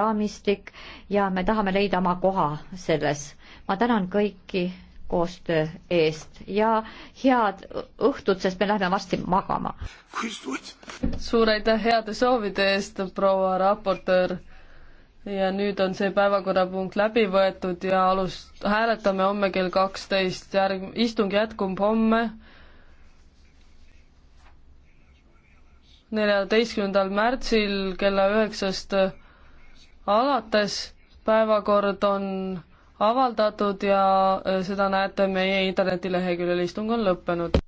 raamistik ja me tahame leida oma koha selles. ma tänan kõiki koostöö eest ja head õhtut, sest me läheme varsti magama. suur aitäh heade soovide eest, proua raportöör. ja nüüd on see päevakorrapunkt läbi võetud ja alus, hääletame homme kell kaksteist, järg-, istung jätkub homme neljateistkümnendal märtsil kella üheksast 9 alates päevakord on avaldatud ja äh, seda näete meie internetileheküljel, istung on lõppenud.